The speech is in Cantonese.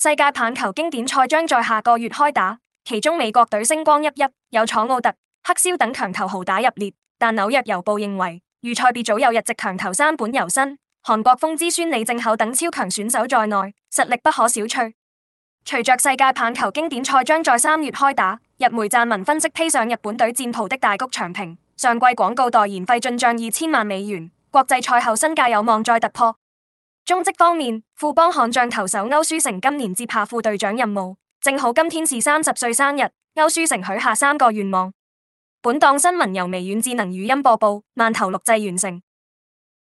世界棒球經典賽將在下個月開打，其中美國隊星光熠熠，有闖奧特、黑燒等強投豪打入列。但紐約郵報認為，預賽別早有日籍強投三本由伸、韓國風之孫李正厚等超強選手在內，實力不可小覷。隨着世界棒球經典賽將在三月開打，日媒撰文分析，披上日本隊戰袍的大谷翔平，上季廣告代言費進賬二千萬美元，國際賽後身價有望再突破。中職方面，富邦悍將投手歐書成今年接下副隊長任務，正好今天是三十歲生日，歐書成許下三個願望。本檔新聞由微軟智能語音播報，慢頭錄製完成。